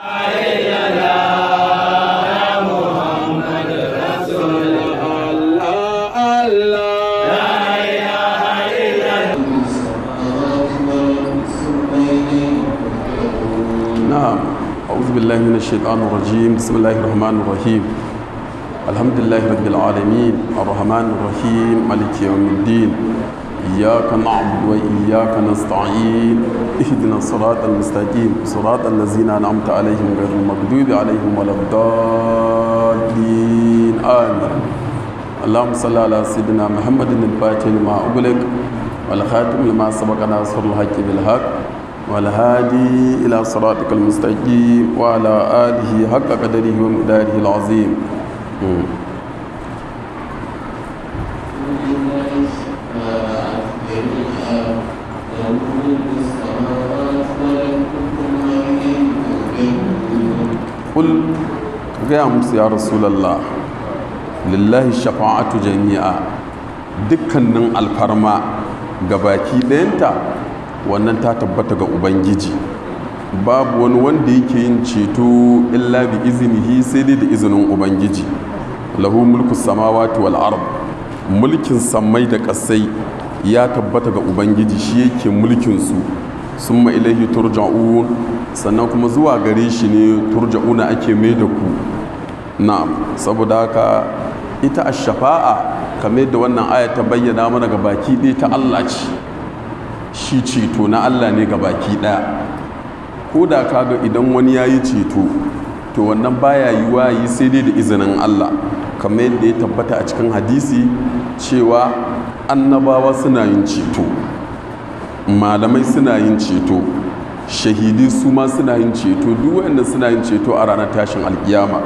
نعم. بالله من الشيطان الرجيم بسم الله الرحمن الرحيم الحمد لله رب العالمين الرحمن الرحيم ملك يوم الدين إياك نعبد وإياك نستعين اهدنا الصراط المستقيم صراط الذين أنعمت عليهم غير المغضوب عليهم ولا الضالين آمين اللهم صل على سيدنا محمد الفاتح لما أغلق والخاتم لما سبق ناصر الحق بالحق والهادي إلى صراطك المستقيم وعلى آله حق قدره ومقداره العظيم gaya musu ya rasulallah lillahi shafa'atu jami'a dukkanin alfarma ga baki ɗayanta wannan ta tabbata ga ubangiji babu wani wanda yake yin ceto illa bi izinihi sai dai da izinin ubangiji lahu mulku samawati wal ard mulkin sammai da ƙasai ya tabbata ga ubangiji shi yake mulkin su summa ilaihi turja'un sannan kuma zuwa gare shi ne turja'una ake mai da ku na'am saboda haka ita a shafaa kamar yadda wannan aya ta bayyana mana ga baki ɗaya ta Allah ce shi ceto na Allah ne ga baki ɗaya ko da ga idan wani ya yi ceto to wannan baya yiwa yi sai dai da izinin Allah kamar yadda ya tabbata a cikin hadisi cewa annabawa suna yin ceto malamai suna yin ceto shahidi su ma suna yin ceto duk wanda suna yin ceto a ranar tashin alkiyama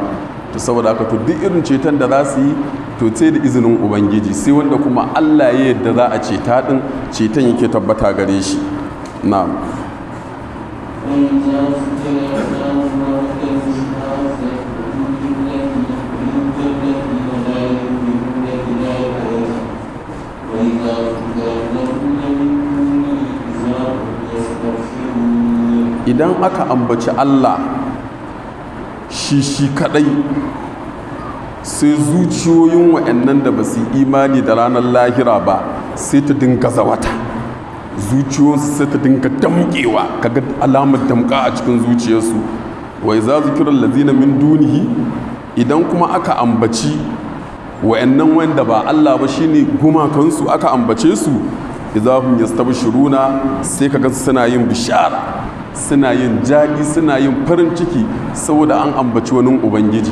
to saboda haka to duk irin ceton da za su yi to sai da izinin ubangiji sai wanda kuma allah ya yadda za a ceta din ceton yake tabbata gare shi na'am idan aka ambaci allah shi shi kadai sai zuciyoyin wa'annan da ba su imani da ranar lahira ba sai ta dinga zawata zuciyoyinsu sai ta dinga ka kaga alamar tamka a cikin zuciyarsu wai za su kiran lazina min dunihi idan kuma aka ambaci wa'annan wanda ba Allah ba shine gumakansu aka ambace su hun hum yastabshiruna sai kaga suna yin bishara suna yin jaɗi suna yin farin ciki saboda an ambaci wani ubangiji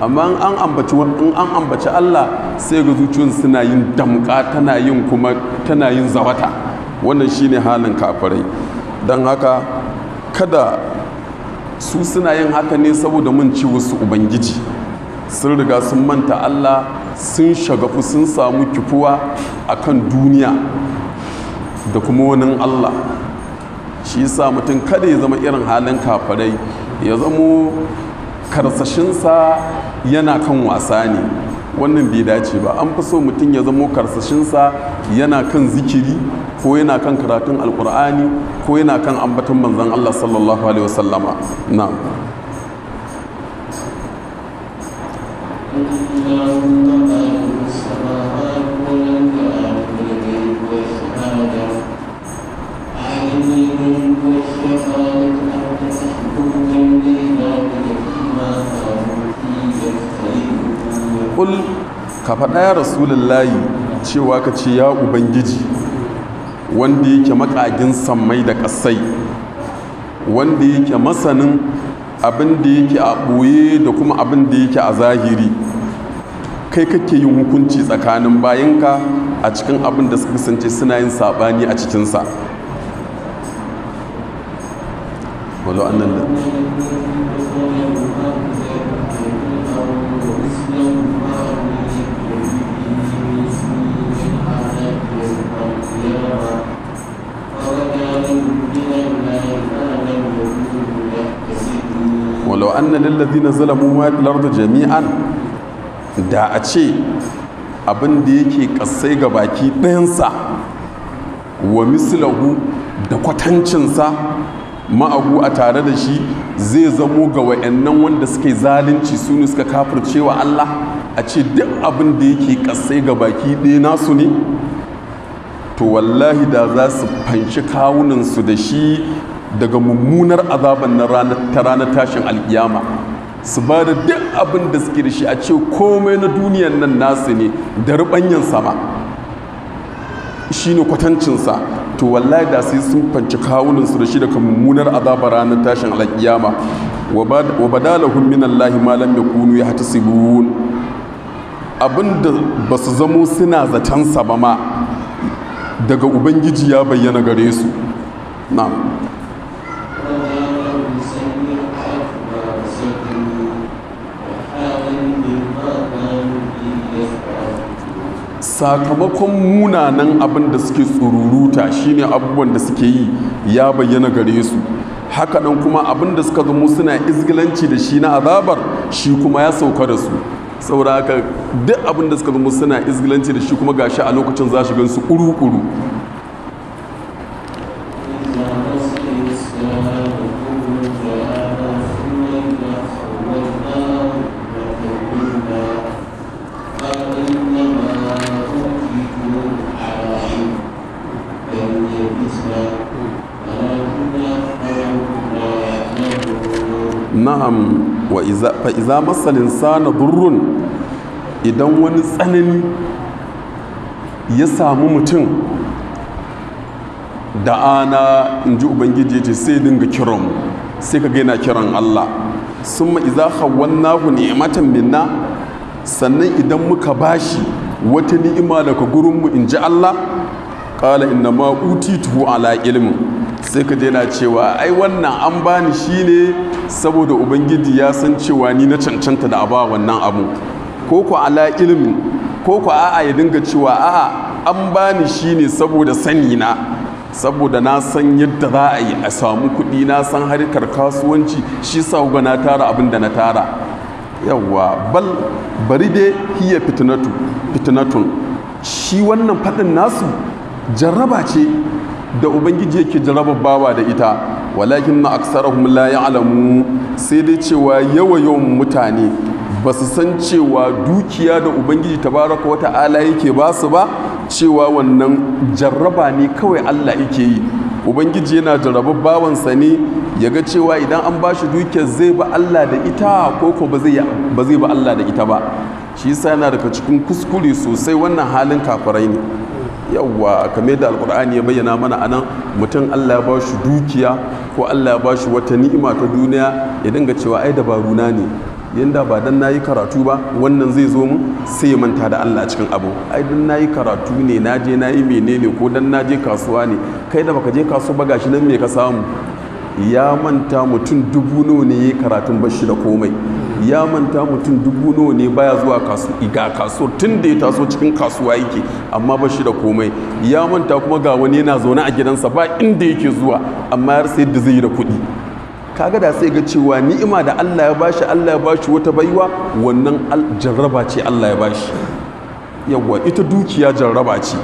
amma an ambaci in an ambaci Allah sai ga zuciyar suna yin damƙa tana yin kuma tana yin zawata wannan shine halin kafirai don haka kada su suna yin haka ne saboda mun ci wasu ubangiji sun riga sun manta Allah sun shagafu sun samu kifuwa akan duniya da kuma wani Allah shi sa mutum kada ya zama irin halin kafarai ya zamo karsashinsa yana kan wasa ne wannan bai dace ba an fi so mutum ya zamo karsashinsa yana kan zikiri ko yana kan karatun alkur'ani ko yana kan ambaton manzon allah sallallahu alaihi wasallama na'am ka faɗa ya layi cewa ka ce ya ubangiji wanda yake makagin sammai da ƙasai wanda yake masanin abin da yake a ɓoye da kuma abin da yake a zahiri kai kake yin hukunci tsakanin bayanka a cikin abin da suka kusance suna yin sabani a cikinsa lillazina zalamu ma jami'an da a ce abin da yake kasai ga baki ɗayansa wa mislahu da kwatancinsa ma'agu a tare da shi zai zamo ga wa'annan wanda suke zalunci su ne suka kafircewa Allah a ce duk abin da yake kasai ga baki ɗaya nasu ne to wallahi da za su fanshi su da shi daga mummunar azaban na ta ranar tashin alkiyama su ba da duk abin da suke da shi a ce komai na duniyan nan nasu ne da rubanyan sama shine kwatancinsa to wallahi da sai sun fanci kawuninsu da shi daga mummunar azaba ranar tashin alkiyama wa badalahum min Allah ma lam yakunu Abin da ba su zamo suna zaton sa ba ma daga ubangiji ya bayyana gare su na'am sakamakon munanan abin da suke tsururuta shine abubuwan da suke yi ya bayyana gare su haka nan kuma abin da suka zamo suna izgilanci da shi na azabar shi kuma ya sauka da su saboda haka duk abin da suka zamo suna izgilanci da shi kuma gashi a lokacin za shi gan su kuru-kuru fa'iza masalin sana burun idan wani tsanani ya samu mutum da ana in ji ubangiji ce sai dinga kiran sai ka gaina kiran allah sun ma'iza hawan nahu ni'imatan minna sannan idan muka bashi wata ni'ima daga gurinmu in ji allah ƙala inna ma’uti tuhu ala ilmin sai ka je cewa ai wannan an bani shi ne saboda ubangiji ya san cewa ni na cancanta da ba wannan abu ko ku ala ilimin ko ku a'a ya dinga cewa a'a an bani shi ne saboda sani na saboda na san yadda za a yi a samu kuɗi na san harkar kasuwanci shi sa ga na tara abin da na tara yawwa bal bari dai hiya fitinatu fitinatun shi wannan faɗin nasu jarraba ce da ubangiji yake jarababawa bawa da ita walakin na aksarahum la alamu, sai dai cewa yawan mutane ba su san cewa dukiya da ubangiji tabaraka wata ala yake ba su ba cewa wannan jarraba ne kawai Allah yake yi ubangiji yana jarabar bawansa ne ya ga cewa idan an ba shi dukiyar zai ba Allah da ita ko ko ba zai ba Allah da ita ba shi yasa yana daga cikin kuskure sosai wannan halin kafirai ne yawwa kamar da alkur'ani ya bayyana mana a nan mutum allah ya ba shi dukiya ko allah ya ba shi wata ni'ima ta duniya ya dinga cewa ai na ne yanda ba dan yi karatu ba wannan zai zo mun sai manta da Allah cikin abu ai na yi karatu ne na je na nayi menene ko dan je kasuwa ne kai da baka je kasuwa ba gashi nan me ka samu ya manta mutum dubu nawa ne yi karatun bashi da komai ya manta mutum dubu nawa ne baya zuwa kasu ga kaso tun da ya taso cikin kasuwa yake amma ba shi da komai ya manta kuma ga wani yana zaune a gidansa ba inda yake zuwa amma har sai da zai yi da kuɗi kaga da sai ga cewa ni'ima da Allah ya bashi Allah ya bashi wata baiwa wannan jarraba ce Allah ya bashi yawwa ita dukiya jarraba ce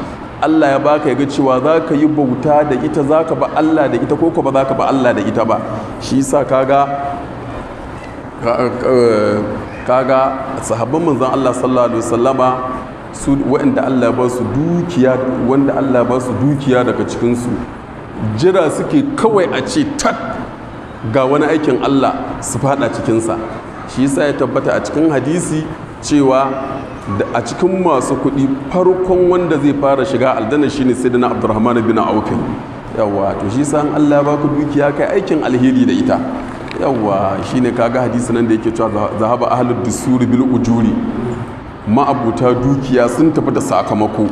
Allah ya baka yaga cewa za ka yi bauta da ita za ka ba Allah da ita ko ba za ka ba Allah da ita ba shi sa kaga Eh, eh, kaga sahabban manzan Allah sallallahu alaihi wasallama su waɗanda Allah ba su dukiya wanda Allah ba su dukiya daga cikinsu jira suke kawai a ce tat ga wani aikin Allah su fada cikinsa shi yasa ya tabbata a cikin hadisi cewa a cikin masu kuɗi farkon wanda zai fara shiga aljanna shine sayyidina abdurrahman bin auf yawa to shi san Allah ba ku dukiya kai aikin alheri da ita yawwa shine kaga hadisi nan da yake cewa zahaba da suri bil ujuri ma'abuta dukiya sun tafi da sakamako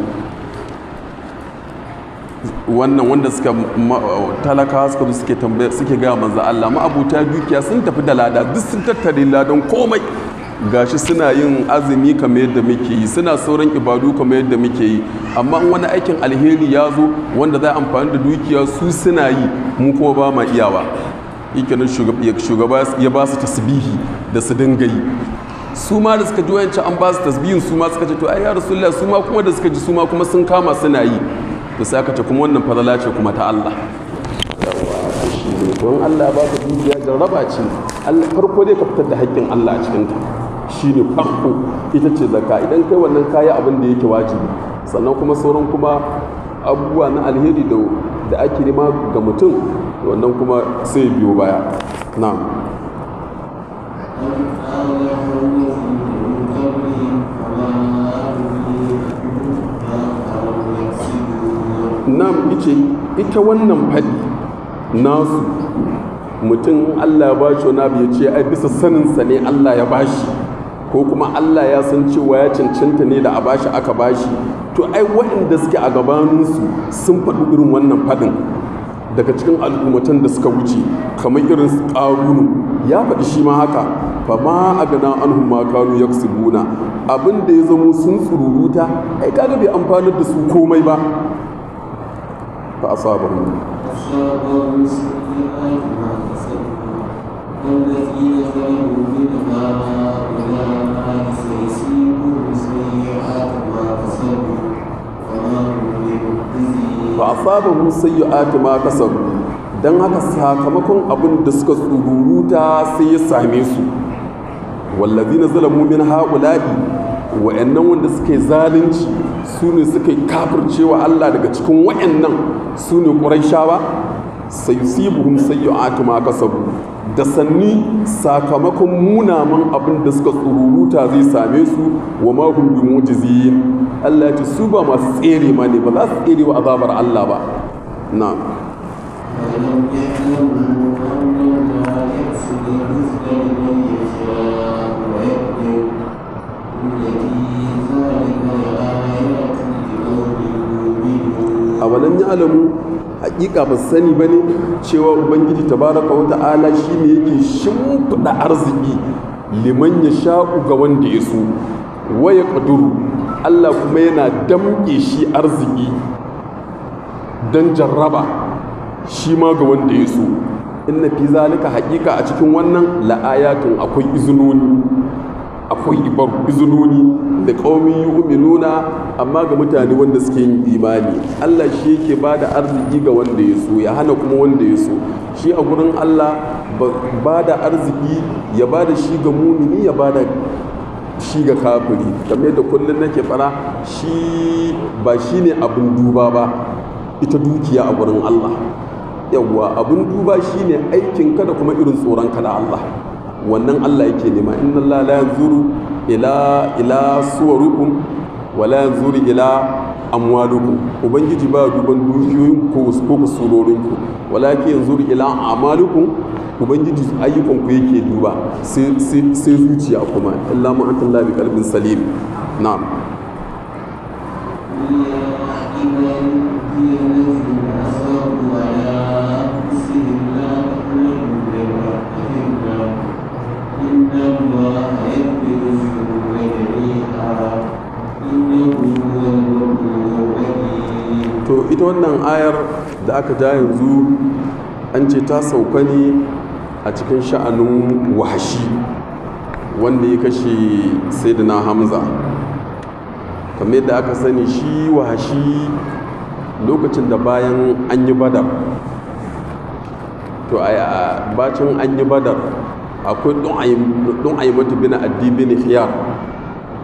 wannan wanda suka talaka suka suke tambaya suke ga manza Allah ma'abuta dukiya sun tafi da lada duk sun tattare ladan komai gashi suna yin azumi kamar yadda muke yi suna sauran ibadu kamar yadda muke yi amma wani aikin alheri ya zo wanda za amfani da dukiya su suna yi mu ko ba ma iyawa yake shugaba ya ba su tasbihi da su dinga yi su ma da suka ji wayancan an ba su tasbihin su ma suka ce to ai ya rasulullah su ma kuma da suka ji su ma kuma sun kama suna yi to sai aka ce kuma wannan fadala ce kuma ta Allah don Allah ba ka dukiya jarraba ce Allah farko dai ka fitar da haƙƙin Allah a cikin ta shine farko ita ce zakka idan kai wannan kayi abin da yake wajibi sannan kuma sauran kuma abubuwa na alheri da ake nema ga mutum wannan kuma sai biyo baya Na nam ice ita wannan faɗi nasu mutum allah ya bashi wani abu ya ce ai bisa saninsa ne allah ya bashi ko kuma allah ya san cewa ya cancanta ne da a bashi aka bashi to ai waɗanda suke a gabaninsu sun faɗi irin wannan faɗin daga cikin al'ummatan da suka wuce kamar irin karunu ya faɗi shi ma haka fa ma a gana an humma kanu ya kusubuna abin da ya zamo sun tsururuta ai kaga bai amfanar da su komai ba fa a sabon mu fa asabahu sayyi'atu ma kasar don haka sakamakon abin da suka ta sai ya same su na zalamu min haula'i wa'annan wanda suke zalunci su ne suke kafircewa Allah daga cikin wa'annan su ne shawa? sai yi sayyi'atu ma kasar da sanni sakamakon munaman abin da suka tsururuta zai same su wa mahun bi mujizin Allah ya ce su ba masu tsere ma ne ba za su tsere wa azabar Allah ba na. a ya alamu hakika ba sani ba ne cewa ubangiji ta wa wata'ala shi ne yake shimfiɗa arziki liman ya sha'u ga wanda ya so waya ƙaduru allah kuma yana damƙe shi arziki don jarraba shi ma ga wanda ya so inna fi zalika hakika a cikin wannan la'ayatun akwai izinoni akwai izinoni da ƙaumi nuna amma ga mutane wanda suke yin imani Allah shi yake ba da arziki ga wanda ya so ya hana kuma wanda ya so shi a gurin Allah ba da arziki ya ba da shi ga mumini ya ba da shi ga kafiri kamar yadda kullum nake fara shi ba shi ne abin duba ba ita dukiya a gurin Allah yawwa abin duba shi ne aikinka da kuma irin tsoronka da Allah wannan Allah yake nema inna Allah la yanzuru ila ila suwarukum wa la yanzuru ila amwalukum ubangiji ba duban dukiyoyin ko ko kusurorin ku walakin yanzuru ila amalukum ubangiji ayyukan ku yake duba sai zuciya kuma illa ma anta bi qalbin salim na'am ita wannan ayar da aka ja yanzu an ce ta sauka ne a cikin sha'anin wahashi wanda ya kashe saidina hamza kamar yadda aka sani shi wahashi lokacin da bayan an yi badar to a bacin an yi badar akwai ɗun aimatu bin addi bin khiyar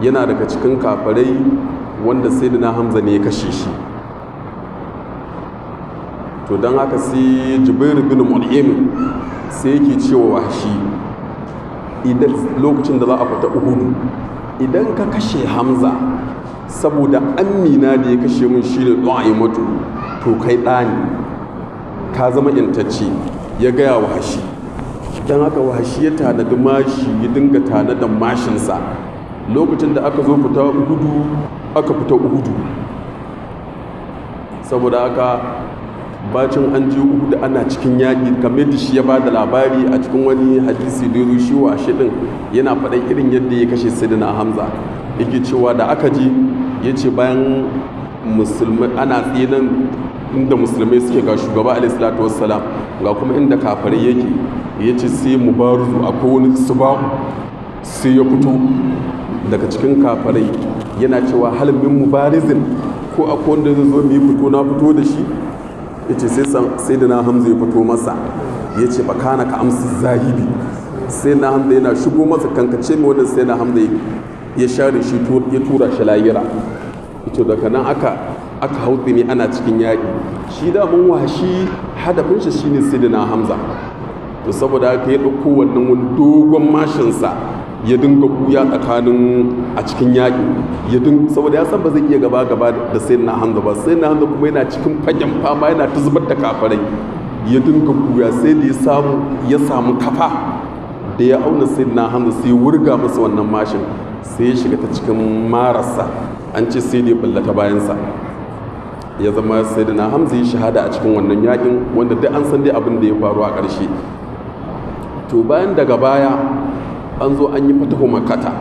yana daga cikin kafarai wanda saidina hamza ne ya kashe shi to don haka sai jibairu bin mul'im sai yake cewa shi idan lokacin da za a fita uhudu idan ka kashe hamza saboda amina da ya kashe mun shi da ɗwa'ayi mutu to kai ɗani ka zama intacce ya gaya wa don haka wa ya tanadi mashi ya dinga tanadin mashinsa lokacin da aka zo fita uhudu aka fita uhudu saboda aka. bacin an ji uku da ana cikin yaƙi kamar da shi ya ba da labari a cikin wani hadisi da ya shi wa shi yana faɗan irin yadda ya kashe sidina hamza yake cewa da aka ji ya ce bayan musulmi ana tsinan inda musulmai suke ga shugaba alaihi salatu ga kuma inda kafare yake ya ce sai ruzu akwai wani subahu sai ya fito daga cikin kafarai yana cewa halin bin mubarizin ko akwai wanda zai zo mu yi fito na fito da shi ya ce sai da na hamza ya fito masa ya ce ba kana ka amsa zahibi sai na hamza yana shigo masa kankace mai wannan sai na hamza ya share shi ya tura shi layira ito daga nan aka aka hautsi ne ana cikin yaki shi da mun washi hadafin shi shine sai da na hamza to saboda haka ya ɗauko wannan wani dogon mashinsa ya dinga kuya tsakanin a cikin yaƙi ya dinga saboda ya san ba zai iya gaba gaba da sai na hamza ba sai na hamza kuma yana cikin fagen fama yana ta zubar da kafarai ya dinga kuya sai da ya samu ya samu kafa da ya auna sai na hamza sai wurga masa wannan mashin sai ya shiga ta cikin marasa an ce sai da ya ballata bayansa ya zama sai da na hamza ya shahada a cikin wannan yaƙin wanda duk an san dai abin da ya faru a ƙarshe to bayan daga baya an zo an yi fatahu makata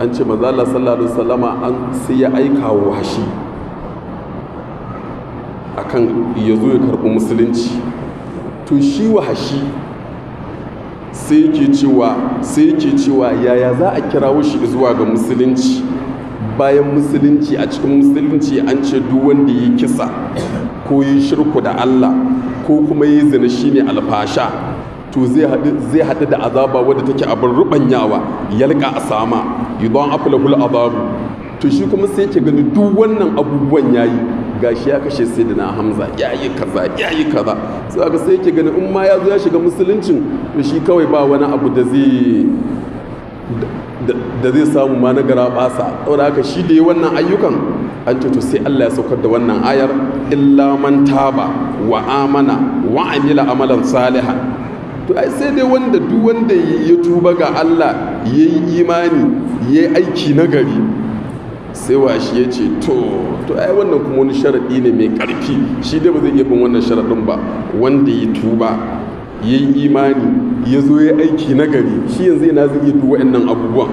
an ce mazala sallallahu salama an sai ya aika wa washi akan ya zo ya karɓi musulunci to shi washi sai yake cewa sai yake cewa yaya za a kira shi zuwa ga musulunci bayan musulunci a cikin musulunci an ce duk wanda ya kisa ko yi shirku da Allah ko kuma yi zina shine alfasha to zai haɗu da azaba wadda take abin rubanyawa yalka a sama yudon afilahul azabu to shi kuma sai ke gani duk wannan abubuwan yayi gashi ya kashe sai da na hamza yayi kaza yayi kaza sai aka sai ke gani in ma ya zo ya shiga musuluncin to shi kawai ba wani abu da zai da zai samu ma na gara basa saboda haka shi da yi wannan ayyukan an to sai Allah ya saukar da wannan ayar illa man taba wa amana wa amila amalan salihan to ai sai dai wanda duk wanda ya tuba ga Allah ya yi imani ya yi aiki na gari sai washi ya ce to to ai wannan kuma wani sharaɗi ne mai ƙarfi shi dai ba zai iya bin wannan sharaɗin ba wanda ya tuba ya yi imani ya zo ya aiki nagari, gari shi yanzu yana zai iya duwa waɗannan abubuwan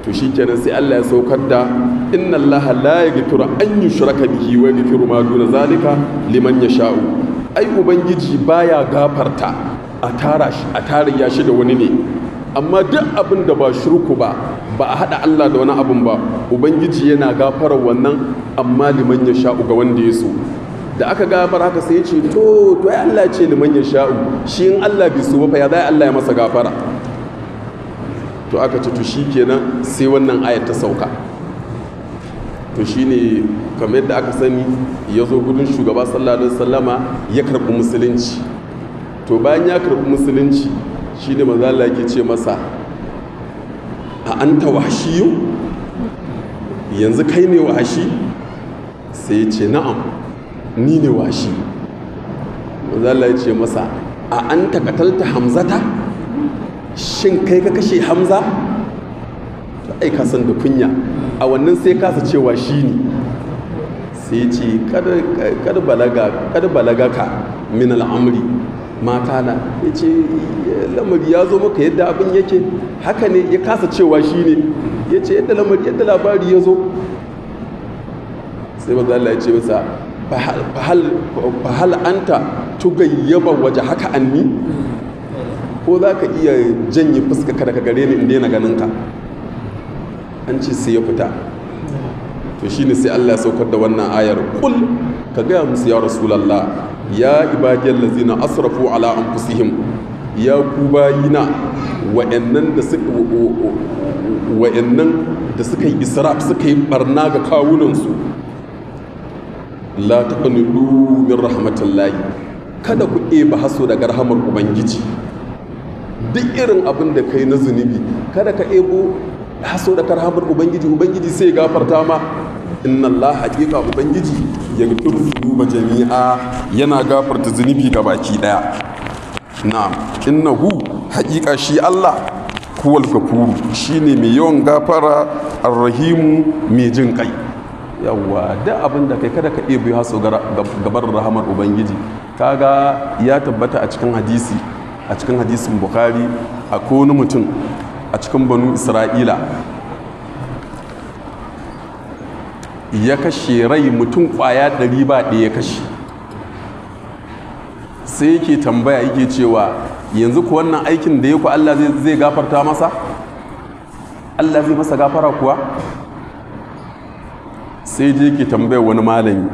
to shi kenan sai Allah ya saukar da inna Allah la yaghfiru an yushraka bihi wa yaghfiru ma duna zalika liman ya sha'u. ai ubangiji baya gafarta a tara shi a tarayya shi da wani ne amma duk abin da ba shirku ba ba a haɗa Allah da wani abin ba ubangiji yana gafara wannan amma liman ya sha'u ga wanda ya so da aka gafar haka sai ya ce to to ya Allah ce liman ya sha'u shi in Allah bai so ba ya zai Allah ya masa gafara to aka ce to shi kenan sai wannan ayat ta sauka to shi ne kamar yadda aka sani ya zo gudun shugaba sallallahu alaihi wasallama ya karɓi musulunci to bayan ya karɓi musulunci shi ne mazala ke ce masa a an ta washi yanzu kai ne washi sai ya ce na'am ni ne washi mazala ya ce masa a an katalta hamzata shin kai ka kashe hamza ai san da kunya a wannan sai kasa cewa shi ne sai ce kada balaga ka min al'amri makana ya ce lamari ya zo maka yadda abin yake haka ne ya kasa cewa shi ne ya ce yadda lamari yadda labari ya zo sai maza Allah ya ce masa fahal anta yaba waje haka anni ko za ka iya janye fuska kada ka gare ni inda yana ganin ka an ce sai ya fita to shine sai Allah ya saukar da wannan ayar kul ka gaya musu ya rasulallah ya ibadiyar lazina asrafu ala kusihim ya ku bayina wa'annan da suka wa'annan da suka yi israf suka yi barna ga kawunansu la taqnudu min layi kada ku eba haso daga rahamar ubangiji duk irin abin da kai na zunubi kada ka ebo haso daga rahamar ubangiji ubangiji sai gafarta ma inna Allah haƙiƙa ubangiji ya gudun zunuba jami'a yana gafarta zunubi ga baki ɗaya na'am innahu haƙiƙa shi Allah kuwal shi shine mai yawan gafara arrahimu mai jin kai yawwa da abin da kai kada ka ɗebe haso gabar rahamar ubangiji kaga ya tabbata a cikin hadisi a cikin hadisin bukhari a wani mutum a cikin banu isra'ila ya kashe rai mutum kwaya ɗari ba ɗaya ya kashe sai yake tambaya yake cewa yanzu ku wannan aikin da ya ku Allah zai gafarta masa Allah zai masa gafara kuwa sai je yake tambaya wani malami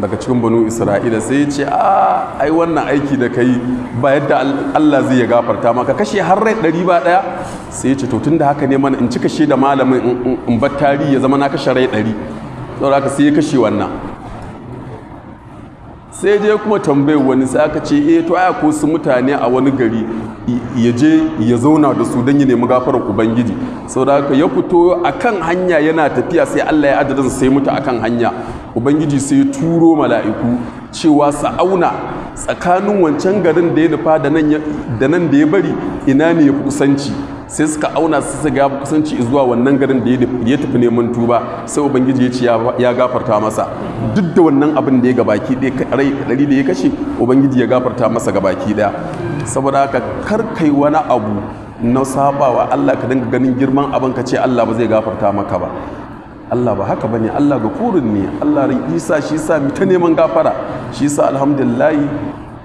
daga cikin banu isra'ila sai ya ce a ai wannan aiki da yi ba yadda Allah zai ya gafarta maka kashe har rai ɗari ba ɗaya sai ya ce to tun da haka ne in cika kashe da malamin in bat tari ya zama na kashe rai ɗari saboda sai ya kashe wannan sai je kuma tambayi wani sai aka ce eh to aya ko su mutane a wani gari ya je ya zauna da su don ya nemi gafara ubangiji saboda ka ya fito a kan hanya yana tafiya sai Allah ya adadin sai mutu akan hanya ubangiji sai ya turo mala'iku cewa su auna tsakanin wancan garin da ya nufa da nan da ya bari ina ne ya fi kusanci sai suka auna su su ga kusanci zuwa wannan garin da ya tafi neman tuba sai ubangiji ya ce ya gafarta masa duk da wannan abin da ya gabaki ɗari da ya kashe ubangiji ya gafarta masa gabaki ɗaya saboda haka karkai wani abu na sabawa allah ka dinga ganin girman abin ka ce allah ba zai gafarta maka ba Allah ba haka bane Allah kurin ne Allah rai isa shi sa mu ta neman gafara shi sa alhamdulillah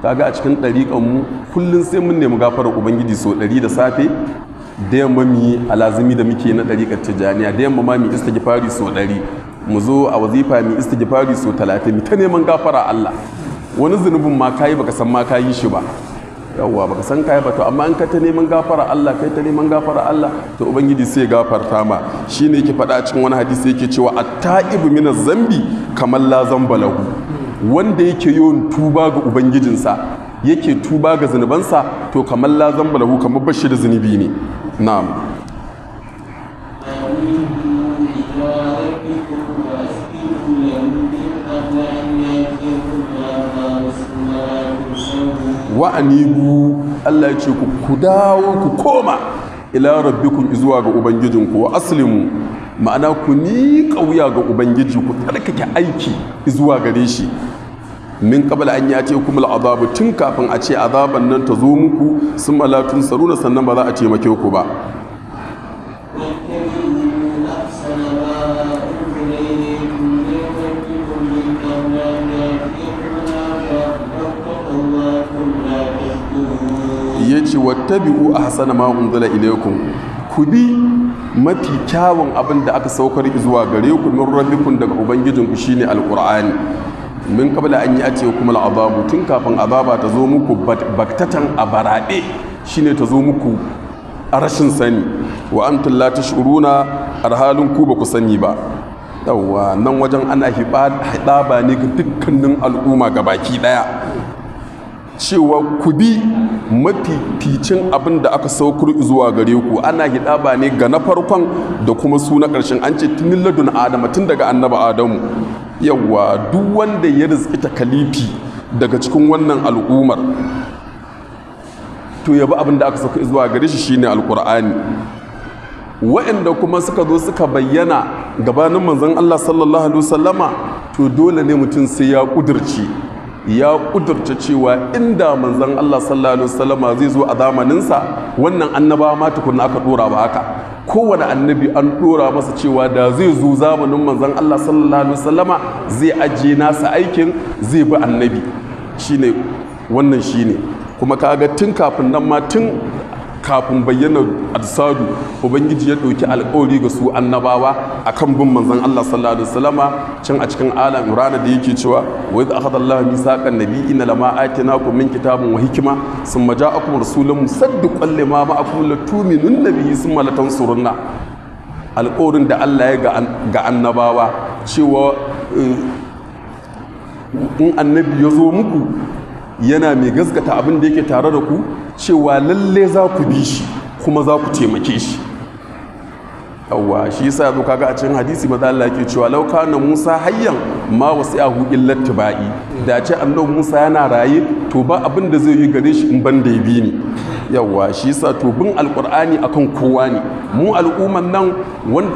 kaga a cikin dariƙan mu kullum sai mun nemi gafara ubangiji so dari da safe da yamma mu yi alazumi da muke na dariƙar tijaniya da yamma ma mu istighfari so dari mu zo a wazifa mu istighfari so talatin mu ta neman gafara Allah wani zunubin ma kayi baka san ma kayi shi ba yawwa baka san kai ba to amma in ka ta neman gafara Allah kai ta neman gafara Allah to ubangiji sai gafarta ma shine yake faɗa cikin wani hadisi yake cewa at-ta'ibu min zambi kamar la zamba lahu wanda yake yawan tuba ga ubangijinsa yake tuba ga zunubansa to kamar la zamba lahu kamar bashi da zunubi ne na'am wa'anibu Allah ya ce ku ku ku koma ila rabbikum zuwa ga ubangijinku wa aslimu ma'ana ku ni wuya ga ubangiji ku tsarkake aiki zuwa gare shi min kabla an ya ce kuma al'azabu tun kafin a ce azaban nan ta zo muku sun malatun saruna sannan ba za a taimake ku ba ce a ahsana ma unzila ilaykum ku bi mafi kyawun abin da aka saukar zuwa gare ku min rabbikum daga ubangijinku shine alqur'ani min kabla an yi a kuma al'azabu tun kafin azaba ta zo muku baktatan a baraɗe shine ta zo muku a rashin sani wa amtun la tashuruna arhalin ku ba ku sani ba yawwa nan wajen ana hiɗaba ne ga dukkanin al'umma ga baki ɗaya cewa ku bi mafificin abin da aka saukar zuwa gare ku ana ba ne ga na farkon da kuma su na ƙarshen an ce tun ladun adama tun daga annaba adamu Yawwa duk wanda ya rizki kalifi daga cikin wannan al'ummar to yabi abin da aka sauka zuwa gare shi shine alkur'ani wa'anda kuma suka zo suka bayyana gabanin manzon Allah sallallahu alaihi wasallama to dole ne mutum sai ya ƙudurce. ya kudurta cewa inda manzan Allah sallallahu alaihi wasallam zai zo a zamaninsa wannan annaba ma tukunna aka dora ba haka kowane annabi an dora masa cewa da zai zo zamanin manzan Allah sallallahu alaihi wasallama zai ajiye nasa aikin zai bi annabi shine wannan shine kuma kaga tun kafin nan ma tun kafin bayyana adsadu ubangiji ya ɗauki alƙawari ga su annabawa akan bin manzon Allah sallallahu alaihi wasallama can a cikin ala rana da yake cewa wa idh akhadha Allah misaqan nabiyina lama atinakum min kitabin wa hikma thumma ja'akum rasulun musaddiqan lima ma'akum tu'minun nabiyyi thumma latansurunna alƙawarin da Allah ya ga annabawa cewa eh, in annabi ya zo muku yana mai gaskata abin da yake tare da ku cewa lalle za ku bi shi kuma za ku taimake shi yawwa shi yasa zo kaga a cikin hadisi maza Allah yake cewa law kana Musa hayyan ma wasi'ahu illa tibai da ce annabi Musa yana raye to ba abin da zai yi gare shi in banda da bi ni yawa shi sa to bin alkur'ani akan kowa ne mu al'umman nan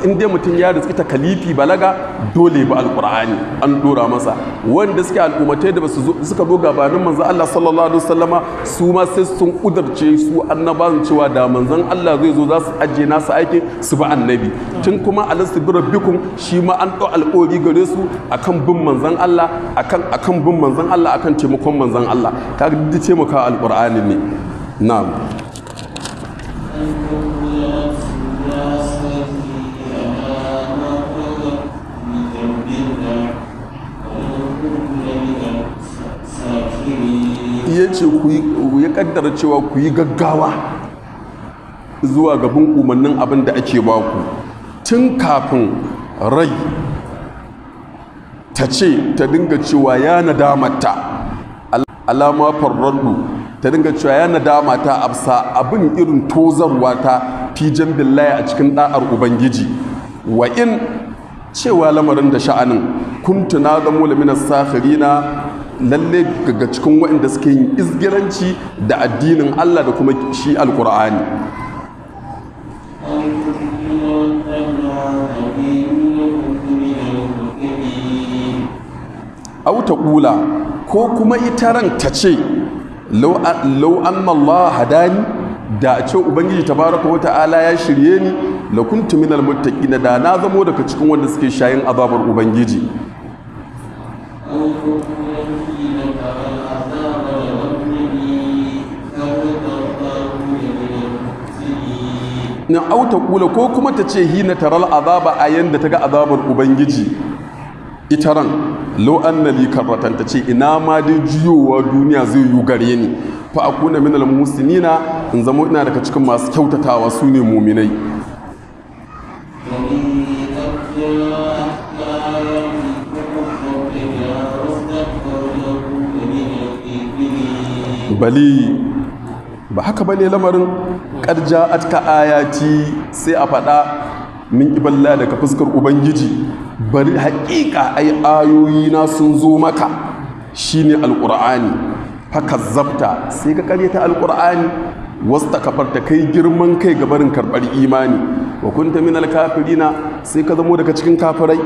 in dai mutum ya riski ta kalifi balaga dole ba alkur'ani an dora masa wanda suke al'ummatai da suka zo gabanin manzan Allah sallallahu alaihi wasallama su ma sai sun kudarce su annabawan cewa da manzan Allah zai zo za su ajiye nasu aiki, su ba annabi tun kuma lissu bira bikun shi ma an ɗau alƙori gare su akan bin manzan Allah akan bin manzan Allah akan taimakon manzon Allah Ta duk taimaka alkur'ani ne na'am ya ce ya kaddara cewa ku yi gaggawa zuwa gaban umarnin abin da ake baku tun kafin rai ta ce ta dinga cewa ya nadamata alama farraddu ta dinga cewa ya nadama ta absa abin irin tozarwa ta fijan billahi a cikin da'ar ubangiji wa in cewa lamarin da sha'anin kuntuna da mulamina sahirina lalle ga cikin waɗanda suke yin izgiranci da addinin Allah da kuma shi alkur'ani auta ƙula ko kuma ita ran ta ce law anna Allah hadani da a ce ubangiji tabaraka wata ala ya shirye ni la kuntu minal da na zamo daga cikin wanda suke shayin azabar ubangiji na auta kula ko kuma ta ce hina taral azaba a yanda ta ga azabar ubangiji ita ran na annali karratan ta ce ina ma dai juyowa duniya zai yi gare ni fa akuna min almuslimina in zamo ina daga cikin masu kyautatawa su ne muminai bali ba haka bane lamarin karja atka ayati sai a faɗa min iballa daga fuskar ubangiji bari haƙiƙa ai ayoyi na sun zo maka shine alqur'ani haka zabta sai ka ta alqur'ani wasta ta kai girman kai ga barin karɓar imani wa kunta min alkafirina sai ka zamo daga cikin kafirai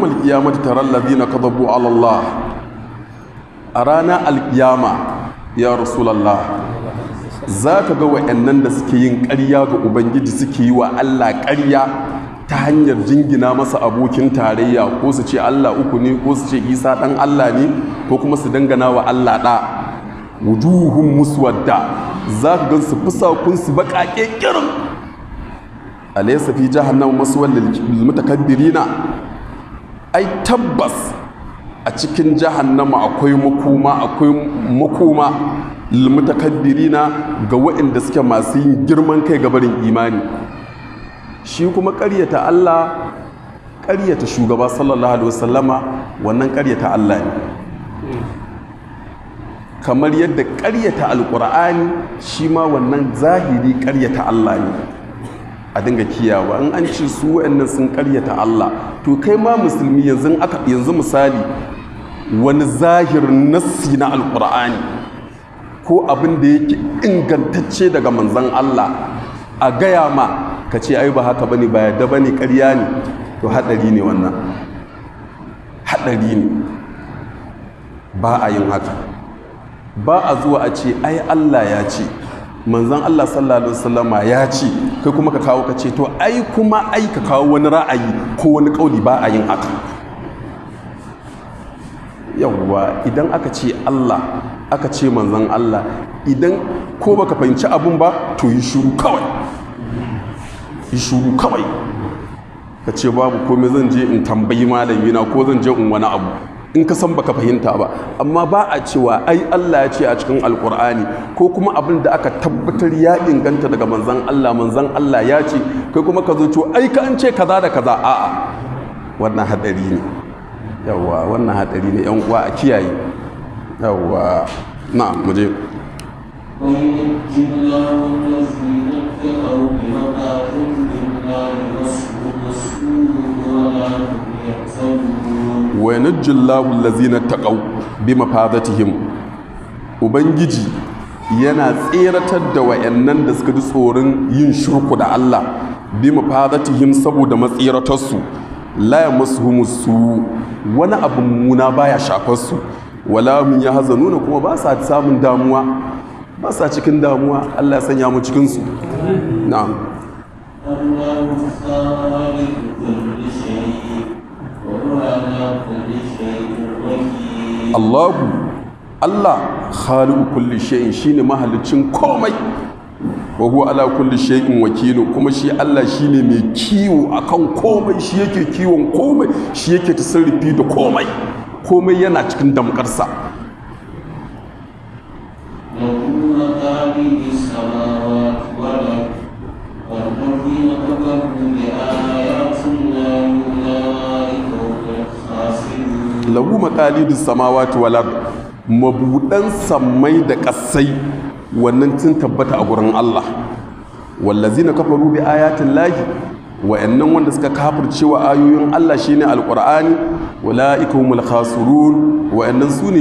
yawmal qiyamati taral ladina kadabu ala Allah a ranar alkiyama ya rasulallah za ka ga wayannan da suke yin ƙarya ga ubangiji suke yi wa allah ƙarya ta hanyar jingina masa abokin tarayya ko su ce allah uku ne ko su ce isa ɗan allah ne ko kuma su dangana wa allah ɗa wujuhun muswadda za ka gan su fusakun su baƙaƙe kirin alaysa fi jahannam maswal mutakabbirina ai tabbas a cikin jahannama akwai makoma akwai makoma lmutakabbirina ga waɗanda suke masu yin girman kai ga barin imani shi kuma ƙaryata Allah ƙaryata shugaba sallallahu alaihi wasallama wannan ƙaryata Allah ne kamar yadda ƙaryata alƙur'ani shi ma wannan zahiri ƙaryata Allah ne a dinga kiyawa in an ce su wa'annan sun karyata Allah to kai ma musulmi yanzu aka yanzu misali wani zahir nassi na alkur'ani ko abin da yake ingantacce daga manzon Allah a gaya ma ka ce ai ba haka bane ba yadda bane karya ne to haɗari ne wannan haɗari ne ba a yin haka ba a zuwa a ce ai Allah ya ce Manzan Allah sallallahu alaihi wasallama ya ce kai kuma ka kawo ka ce to ai kuma ai ka kawo wani ra'ayi ko wani kauli ba a yin haka yawwa idan aka ce Allah aka ce manzon Allah idan ko baka fahimci abun ba to yi shuru kawai yi shuru kawai ka ce babu komai zan je in tambayi malami na ko zan je in wani abu in ka san baka fahimta ba amma ba a cewa ai Allah ya ce a cikin alkur'ani ko kuma abin da aka tabbatar ya inganta daga manzan Allah manzan Allah ya ce kai kuma ka zo to ai ka an ce kaza da kaza a'a wannan hadari ne yawa wannan hadari ne yan uwa a kiyaye yawa na mu je wa lahu allazina taqaw bi mafadatihim ubangiji yana tseratar da wayannan da suka ji tsoron yin shirku da Allah bi mafadatihim saboda matsiratar su. la yamassuhumus su wani abu muna baya shafar su wala mun ya hazanuna kuma ba sa samun damuwa ba sa cikin damuwa Allah ya sanya mu cikin su na'am Allahu Allah khaliqu kulli shay'in shine mahalicin komai wa huwa ala kulli shay'in wakilu kuma shi Allah shine mai kiwo akan komai shi yake kiwon komai shi yake tasarrufi da komai komai yana cikin damkarsa. sa lagu maqalidus samawati wal mabudan sammai da kasai wannan tun tabbata a gurin Allah na kafaru bi ayatin lahi wa'annan wanda suka kafircewa ayoyin Allah shine alqur'ani wa humul khasirun wa'annan sune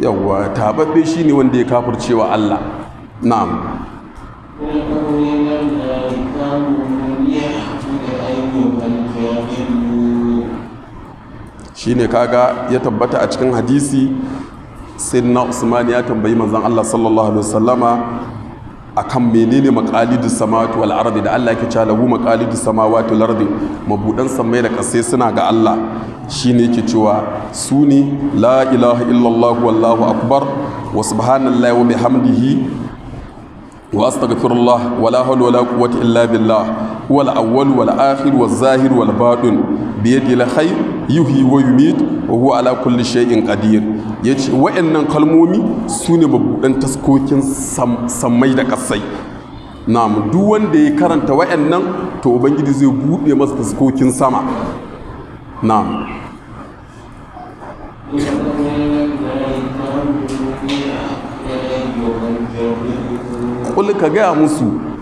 yawwa yawa shi shine wanda ya kafircewa Allah na'am shine kaga ya tabbata a cikin hadisi sayyidina usman ya tambayi manzon Allah sallallahu alaihi wasallama akan menene maqalidus samawati wal ardi da Allah yake cewa lahu maqalidus samawati wal ardi mabudan samai da kasai suna ga Allah shine yake cewa suni la ilaha illallah wallahu akbar wa subhanallahi wa bihamdihi wa astaghfirullah wa la hawla wa la quwwata illa billah Wala awwal wal akhir wal zahir wal batin bi yadi al-khayr yuhi wa yumit wa huwa ala kulli shay'in qadir yace wayannan kalmomi sune babban taskokin samai da kasai na'am duk wanda ya karanta wayannan to ubangiji zai bude masa taskokin sama na'am Kul ka gaya musu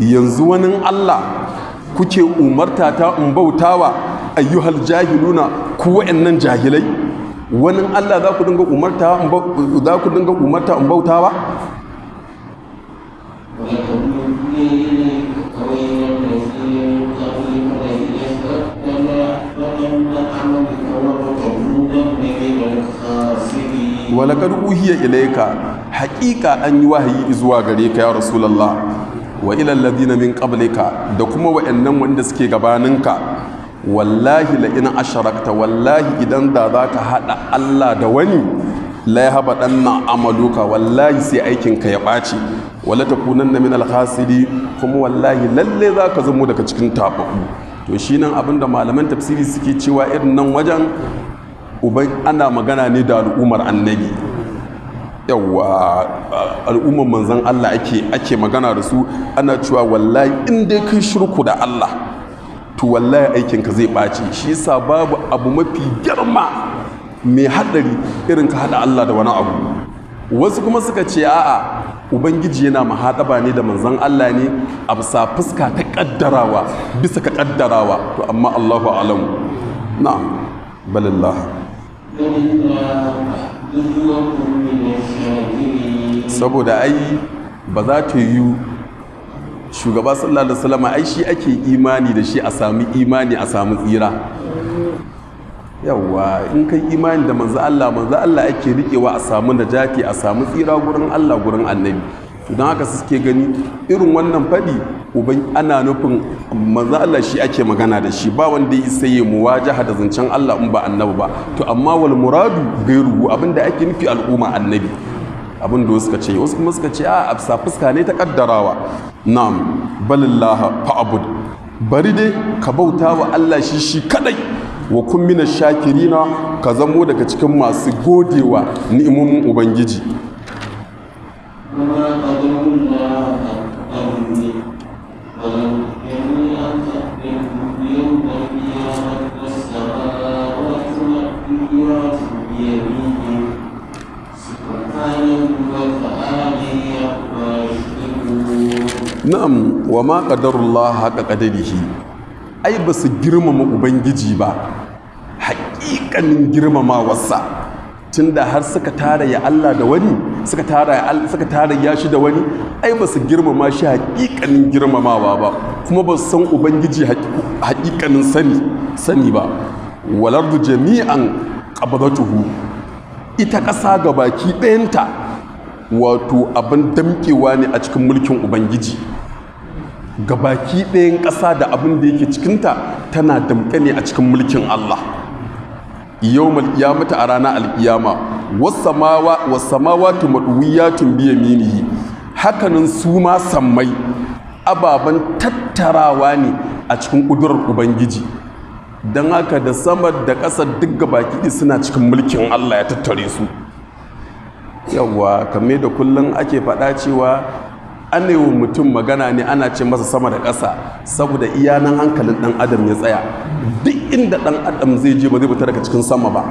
yanzu wani Allah kuke umarta ta in wa ayyuhal jahiluna ku wa'annan jahilai wani Allah za ku dinga umarta za ku dinga umarta in wala walakar uhiya ilayka haqiqa an yi wahayi zuwa gare ka ya rasulullah wa ilal ladina min qablika da kuma wa'annan wanda suke gabaninka wallahi la in asharakta wallahi idan da zaka hada Allah da wani la yahba amaluka wallahi sai aikin ka ya baci wala takunanna min al kuma wallahi lalle zaka zamo daga cikin tabaku to shi nan abinda malaman tafsiri suke cewa irin nan wajen uban ana magana ne da al'ummar annabi yawa al'ummar manzan Allah ake ake magana da su ana cewa wallahi in dai kai shirku da Allah to wallahi aikinka zai ɓaci shi yasa babu abu mafi girma mai haɗari irin ka haɗa Allah da wani abu wasu kuma suka ce a'a ubangiji yana mahaɗaba ne da manzan Allah ne a bisa fuska ta ƙaddarawa bisa ka ƙaddarawa to amma Allahu alamu na balillah saboda ai ba za ta yi shugaba sallallahu alaihi wasallam ai shi ake imani da shi a sami imani a sami tsira yawwa in kai imani da manzo Allah manzo Allah ake rikewa a samu najati a samu tsira gurin Allah gurin annabi to don haka suke gani irin wannan faɗi uban ana nufin manzo Allah shi ake magana da shi ba wanda ya isa ya muwajaha da zancen Allah in ba annabi ba to amma wal muradu gairuhu abinda ake nufi al'umma annabi abin da suka ce wasu kuma suka ce a afsa fuska ne ta kaddarawa na'am balillaha fa'bud bari dai ka bauta wa Allah shi shi kadai wa kun mina shakirina ka zamo daga cikin masu godewa ni'imomin ubangiji na'am wa ma qadarullah haka qadarihi ai ba su girmama ubangiji ba haƙiƙanin Tun tunda har suka tara ya Allah da wani suka tara ya shi da wani ai ba su girmama shi haƙiƙanin girmamawa ba kuma ba su san ubangiji haƙiƙanin sani sani ba walardu jami'an qabdatuhu ita ƙasa ga baki ɗayanta wato abin damƙewa ne a cikin mulkin ubangiji Ga baki ɗayan ƙasa da abin da yake cikinta tana damƙe ne a cikin mulkin Allah Yau ya mata a ranar alƙiyama wasamawa wasamawatu tun biya yaminihi hakanan su ma sammai ababen tattarawa ne a cikin ƙudurar ubangiji don haka da sama da ƙasa duk ga baki gabaki suna cikin mulkin Allah ya tattare su yawwa kame da kullum ake faɗa cewa ana yi wa mutum magana ne ana ce masa sama da ƙasa saboda iya nan hankalin ɗan adam ya tsaya duk inda ɗan adam zai je ba zai fita daga cikin sama ba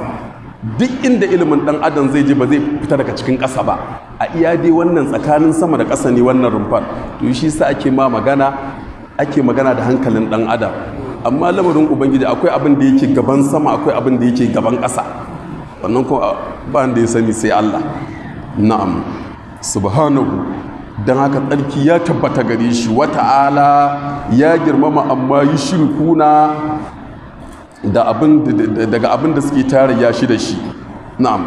duk inda ilimin ɗan adam zai je ba zai fita daga cikin ƙasa ba a iya dai wannan tsakanin sama da ƙasa ne wannan rumfar to shi sa ake ma magana ake magana da hankalin ɗan adam amma lamarin ubangiji akwai abin da yake gaban sama akwai abin da yake gaban ƙasa wannan ko ba da ya sani sai Allah na'am subhanahu don haka tsarki ya tabbata gare shi wata'ala ya girmama amma yi shirkuna daga abin da suke tare ya shi da shi na'am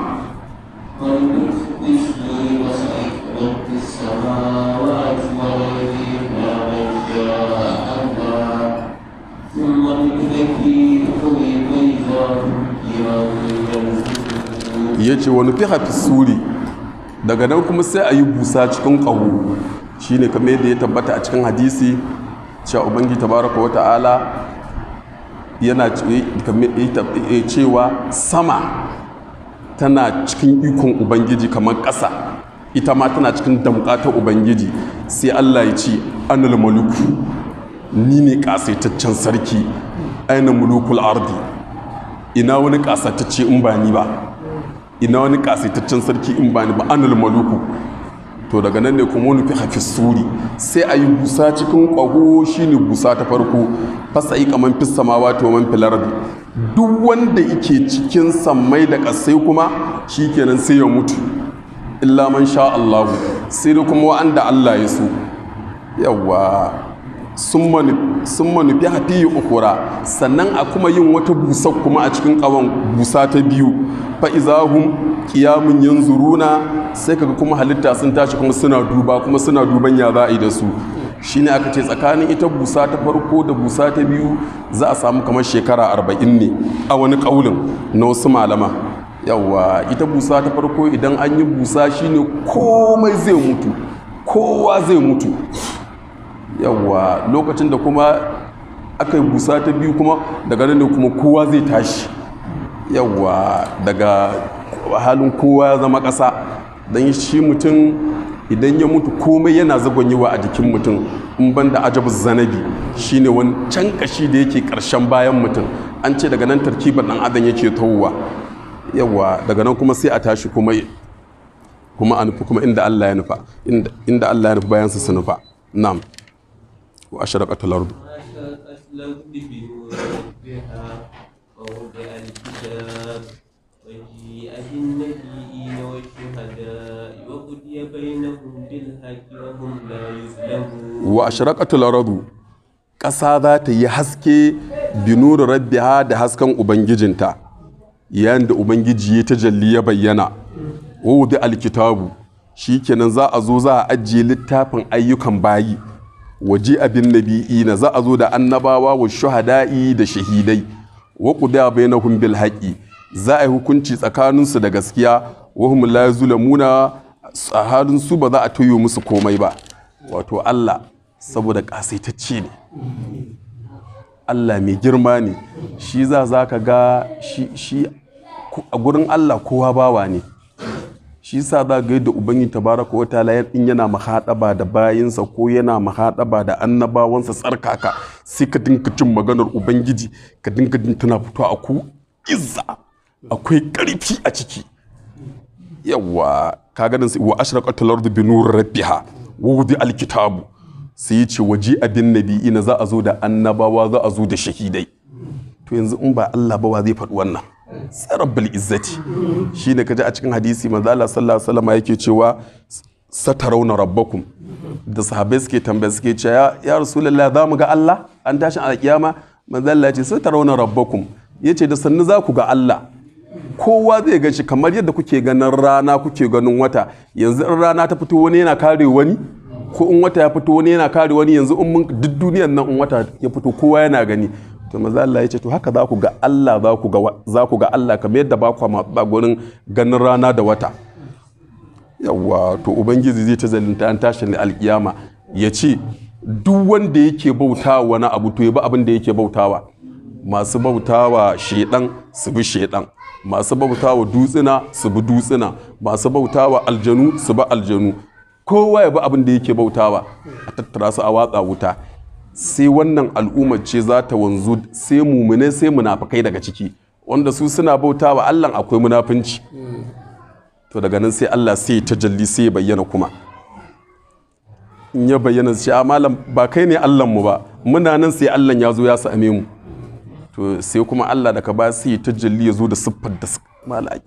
ya ce wani fi hafi suri daga nan kuma sai a yi busa cikin shi shine kamar yadda ya tabbata a cikin hadisi cewa ubangi tabaraka wa ta'ala yana cewa sama tana cikin ikon ubangiji kamar ƙasa ita ma tana cikin damƙatar ubangiji sai allah ya ce anil maluku ni ne ƙasaitaccen sarki ainihin mulukul ardi ina wani ƙasaitacce in ba ni ba ina wani kasaitaccen sarki in bani ba anul maluku to daga nan ne kuma wani fi suri sai a yi busa cikin kwago shi ne busa ta farko fasa yi kamar fi samawa ta waman filarabi duk wanda yake cikin sammai da ƙasai kuma shi kenan sai ya mutu illa man sha Allahu sai da kuma wa'anda Allah ya so yawa. sun manufi yi ukura sannan a kuma yin wata busa kuma a cikin kawon busa ta biyu fa'izahun kiyamun yanzu runa sai kaga kuma halitta sun tashi kuma suna duba kuma suna duban ya yi da su shi ne aka ce tsakanin ita busa ta farko da busa ta biyu za a samu kamar shekara arba'in ne a wani ƙaunin na wasu malama yawa ita busa ta farko idan an yi busa shine komai zai mutu kowa zai mutu yawa lokacin da kuma aka yi busa ta biyu kuma daga nan kuma kowa zai tashi yawa daga halin kowa ya zama ƙasa don shi mutum idan ya mutu komai yana yiwa a jikin mutum in ban da ajabu zanabi shi wani can kashi da yake ƙarshen bayan mutum an ce daga nan tarkibar ɗan adam yake tawowa yawa daga nan kuma sai a tashi kuma kuma a nufi kuma inda Allah ya nufa inda Allah ya nufa bayan su nufa na'am وأشرقت الأرض ووضع الكتاب ƙasa za ta yi haske binuru rabbiha da hasken ubangijinta yayin da ubangiji ya tajalli ya bayyana wa alkitabu shikenan za a zo za a ajiye littafin ayyukan bayi waji abin na za a zo da annabawa wa shahada'i da shahidai wa ku bai bainahum bil haqqi za a yi hukunci tsakaninsu da gaskiya wa hum la a halin su ba za a toyo musu komai ba wato Allah saboda kasaitacce ne Allah mai girma ne shi za za ka ga shi a gurin Allah kowa bawa ne shi sa za ga yadda ubangi tabaraka wa ta'ala ya in yana mahaɗaba da bayinsa ko yana mahaɗaba da annabawansa tsarkaka sai ka dinka jin maganar ubangiji ka dinka din tana fito a ku izza akwai ƙarfi a ciki yawa ka ganin sai wa ashraqatul ardu bi nur rabbiha wa wudi alkitabu sai ya ce waje abin ina za a zo da annabawa za a zo da shahidai to yanzu in ba Allah ba wa zai faɗi wannan rabbul izzati shine kaji a cikin hadisi manzo Allah sallallahu alaihi wasallam yake cewa satarauna rabbakum da sahabbai suke tambaya suke cewa ya rasulullah za mu ga Allah an tashi a kiyama manzo Allah ya ce satarauna rabbakum yace da sannu za ku ga Allah kowa zai ga shi kamar yadda kuke ganin rana kuke ganin wata yanzu in rana ta fito wani yana kare wani ko in wata ya fito wani yana kare wani yanzu in mun duk duniyar nan in wata ya fito kowa yana gani to maza Allah ya ce to haka za ku ga Allah za ku ga za ku ga Allah kamar yadda ba ku ba gurin ganin rana da wata yawa to ubangiji zai ta zalunta an tashi ne alkiyama ya ce duk wanda yake bautawa na abu to ya ba abin da yake bautawa masu bautawa shedan su bi shedan masu bautawa dutsina su bi dutsina masu bautawa aljanu su bi aljanu kowa ya bi abin da yake bautawa a tattara su a watsa wuta sai wannan al'ummar ce za ta wanzu sai mumune sai munafikai daga ciki wanda su suna bauta wa Allah akwai munafunci to daga nan sai Allah sai ta jalli sai bayyana kuma in ya bayyana shi a malam ba kai ne Allah mu ba muna nan sai Allah ya zo ya same mu to sai kuma Allah daga ba sai ta jalli ya zo da siffar da malam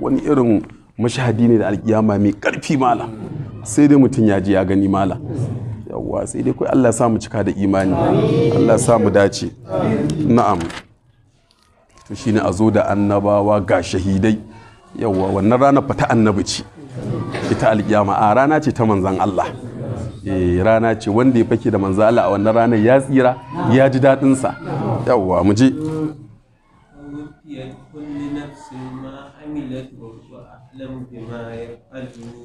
wani irin mashahadi ne da alkiyama mai karfi malam sai dai mutum ya ji ya gani malam yawwa sai dai kai Allah ya cika da imani Allah ya mu dace na'am to shine a zo da annabawa ga shahidai yawwa wannan rana fa ta annabi ce ita alkiyama a rana ce ta manzan Allah eh rana ce wanda ya fake da manzan Allah a wannan ranar ya tsira ya ji daɗinsa. sa yawwa mu je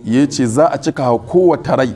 ya ce za a cika kowace rai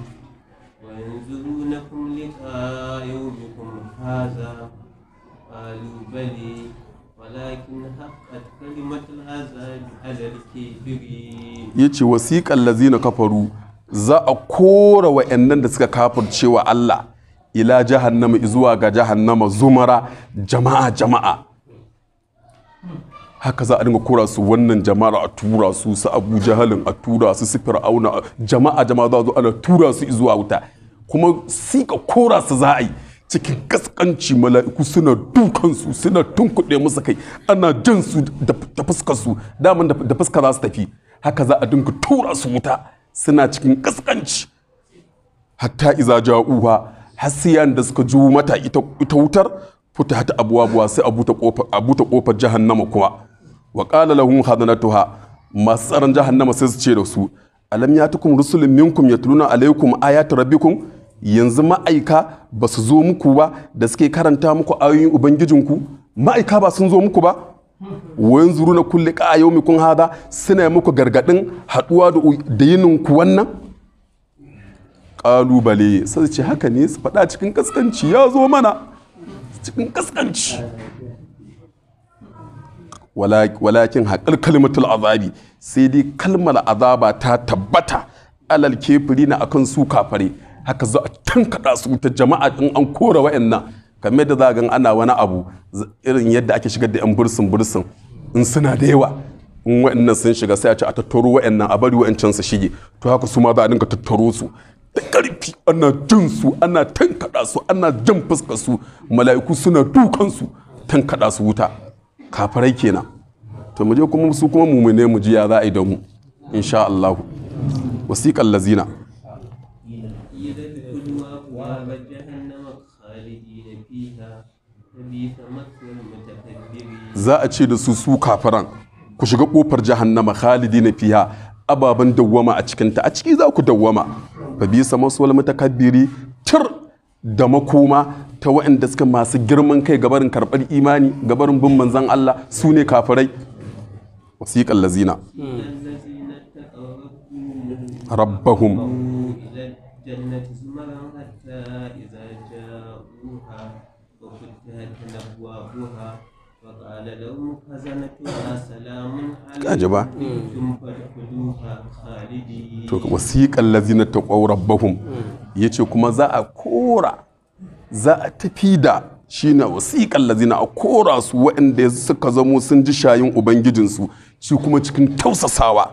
يسألونكم لقاء يومكم هذا قالوا بلي ولكن حقت كلمة العذاب على الكافرين يجي وسيق الذين كفروا za a kora wa'annan da suka kafirce wa Allah ila jahannama zuwa ga jahannama zumara jama'a jama'a haka za a dinga kora su wannan jama'a a tura su su abu jahalin a tura su su fir'auna jama'a jama'a za a zo ana tura su zuwa wuta kuma sika kora su za a yi cikin kaskanci mala'iku suna dukansu suna tunkuɗe musu kai ana jan su da fuskar su daman da fuska za su tafi haka za a dinka tura su wuta suna cikin kaskanci hatta iza ja'uha hasiyan da suka juwo mata ita wutar futa ta abuwa sai a buta kofar jahannama kuma wa qala lahum khadanatuha masu tsaron jahannama sai su ce da su alam yatukum rusulun minkum yatluna alaikum ayatu rabbikum yanzu ma'aika ba su zo muku ba da suke karanta muku ayoyin ubangijinku ma'aika ba sun zo muku ba wayan zuru na kulle ka yau mikun hada suna muku gargadin haduwa da yinin wannan kalubale sai ce haka ne su faɗa cikin kaskanci ya zo mana cikin kaskanci walakin haƙar kalmatul azabi sai dai kalmar azaba ta tabbata alal kefiri na akan su kafare haka za a tankaɗa su ta jama'a in an kora wa'annan kamar da za gan ana wani abu irin yadda ake shigar da 'yan bursin bursin in suna da yawa in wa'annan sun shiga sai a ci a tattaro wa'annan a bari wa'ancan su shige to haka su ma za a dinga tattaro su da ƙarfi ana jin su ana tankaɗa su ana jan fuskar su mala'iku suna dukan su tankaɗa su wuta kafarai kenan to mu kuma su kuma mu mu ne mu ji ya za a yi da mu insha Allah wasiƙar lazina za a ce da su su kafiran ku shiga kofar jahannama khalidi na fiya ababen dawwama a cikinta a ciki za ku dawwama fa bi sama wal mutakabbiri tur da makoma ta waɗanda suka masu girman kai gabarin karɓar imani gabarin bin manzan Allah su ne kafirai wasiƙan lazina rabbahum kaji ba to wasiƙan lazina ta rabbahum ya ce kuma za a kora za a tafi da shi na wasiƙan lazina a kora su waɗanda suka zamo sun ji shayin ubangijinsu shi kuma cikin tausasawa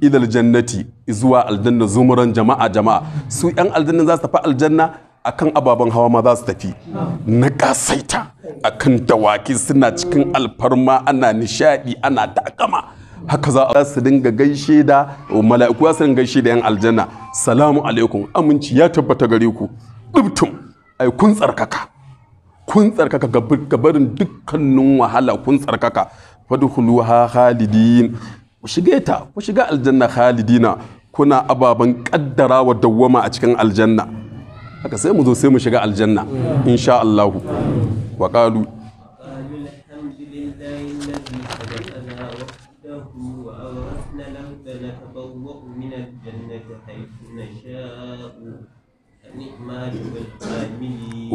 idal jannati zuwa aljanna zumuran jama'a jama'a su 'yan aljanna za su tafi aljanna akan ababen hawa ma za su tafi na kasaita akan dawaki suna cikin alfarma ana nishadi ana takama haka za a su dinga gaishe da mala'iku su dinga gaishe da yan aljanna salamu alaikum aminci ya tabbata gare ku dubtum ai kun tsarkaka kun tsarkaka gabarin dukkanin wahala kun tsarkaka fadkhuluha khalidin ku shige ta ku shiga aljanna khalidina kuna ababen kaddarawa dawwama a cikin aljanna haka sai mu zo sai mu shiga aljanna insha Allah wa qalu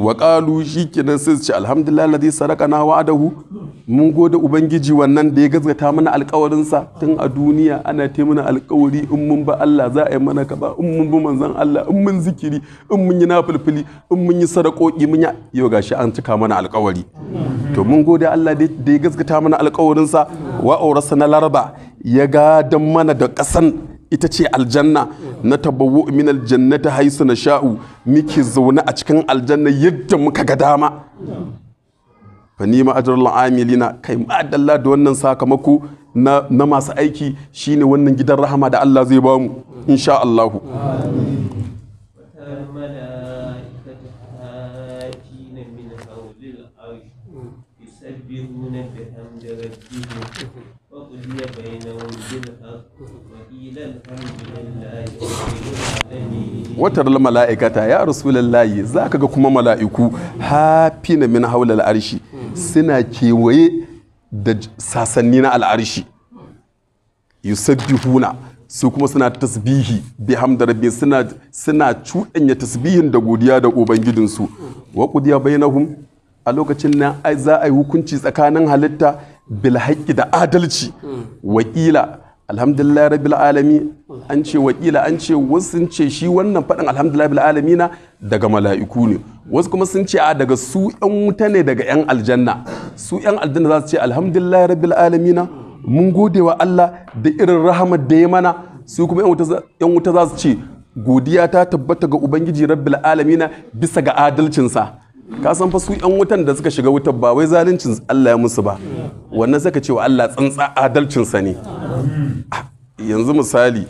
wa qalu shikenan sai su ce alhamdulillah ladhi sadaqana wa'adahu mun gode ubangiji wannan da ya gazgata mana alkawarinsa tun a duniya ana te mana alkawari in mun ba Allah za a yi mana kaba in mun bi manzon Allah in mun zikiri in mun yi nafilfili in mun yi sadakoki mun ya yau gashi an cika mana alkawari to mun gode Allah da ya gazgata mana alkawarinsa wa aurasa na laraba ya ga dan mana da kasan ita ce aljanna na tabawu min ta haisu na sha'u muke zaune a cikin aljanna yadda muka ga dama fa ni ma ajrul amilina kai ma dalla da wannan sakamako na, na masu aiki shine wannan gidan rahama da Allah zai ba mu insha Allah watar mala'ikata ya rasulullahi za ka ga kuma mala'iku hafi na min haulal arshi suna kewaye da sasanni na al'arshi yusabbihuna su kuma suna tasbihi bi hamda suna suna cuɗanya tasbihin da godiya da ubangijinsu wa qudiya bainahum a lokacin nan za a yi hukunci tsakanin halitta bil da adalci wakila alhamdulillah rabbil alami an ce wakila an ce wasu sun ce shi wannan faɗin alhamdulillah rabbil na daga mala'iku ne wasu kuma sun ce a daga su yan wuta ne daga yan aljanna su yan aljanna za su ce alhamdulillah rabbil na mun gode wa Allah da irin rahamar da ya mana su kuma yan wuta za su ce godiya ta tabbata ga ubangiji rabbil na bisa ga adalcinsa ka san fa su yan wutan da suka shiga wutar ba wai zaluncin Allah ya musu ba wannan saka ce Allah tsantsa adalcin sa ne ah, yanzu misali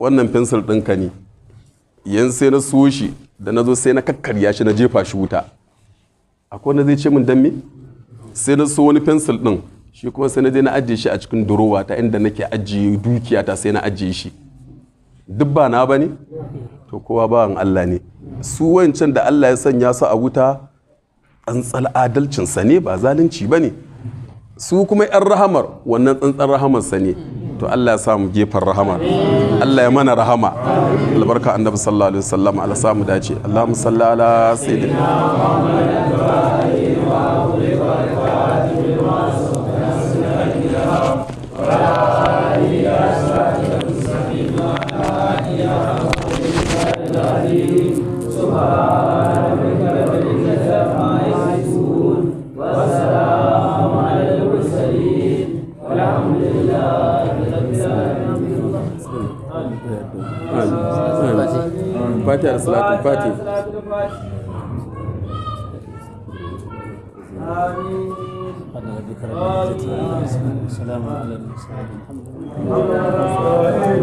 wannan fensil ɗinka ne yan sai na so shi da na zo sai na kakkarya shi na jefa shi wuta akwai wanda zai ce min dan me sai na so wani fensil ɗin shi kuma sai na je na ajiye shi a cikin durowa ta inda nake ajiye dukiya ta sai na ajiye shi duk ba na ba ne to kowa bawan Allah ne su wancan da Allah ya sanya su a wuta tsantsar adalcinsa ne ba zalunci ba ne su kuma 'yan rahamar wannan tsantsar rahamarsa ne to Allah ya samu gefen rahama Allah ya mana rahama albarka annabi sallallahu alaihi wasallam Allah samu dace Allah musalla ala sayyidina Muhammad fatiha da salatul fati amin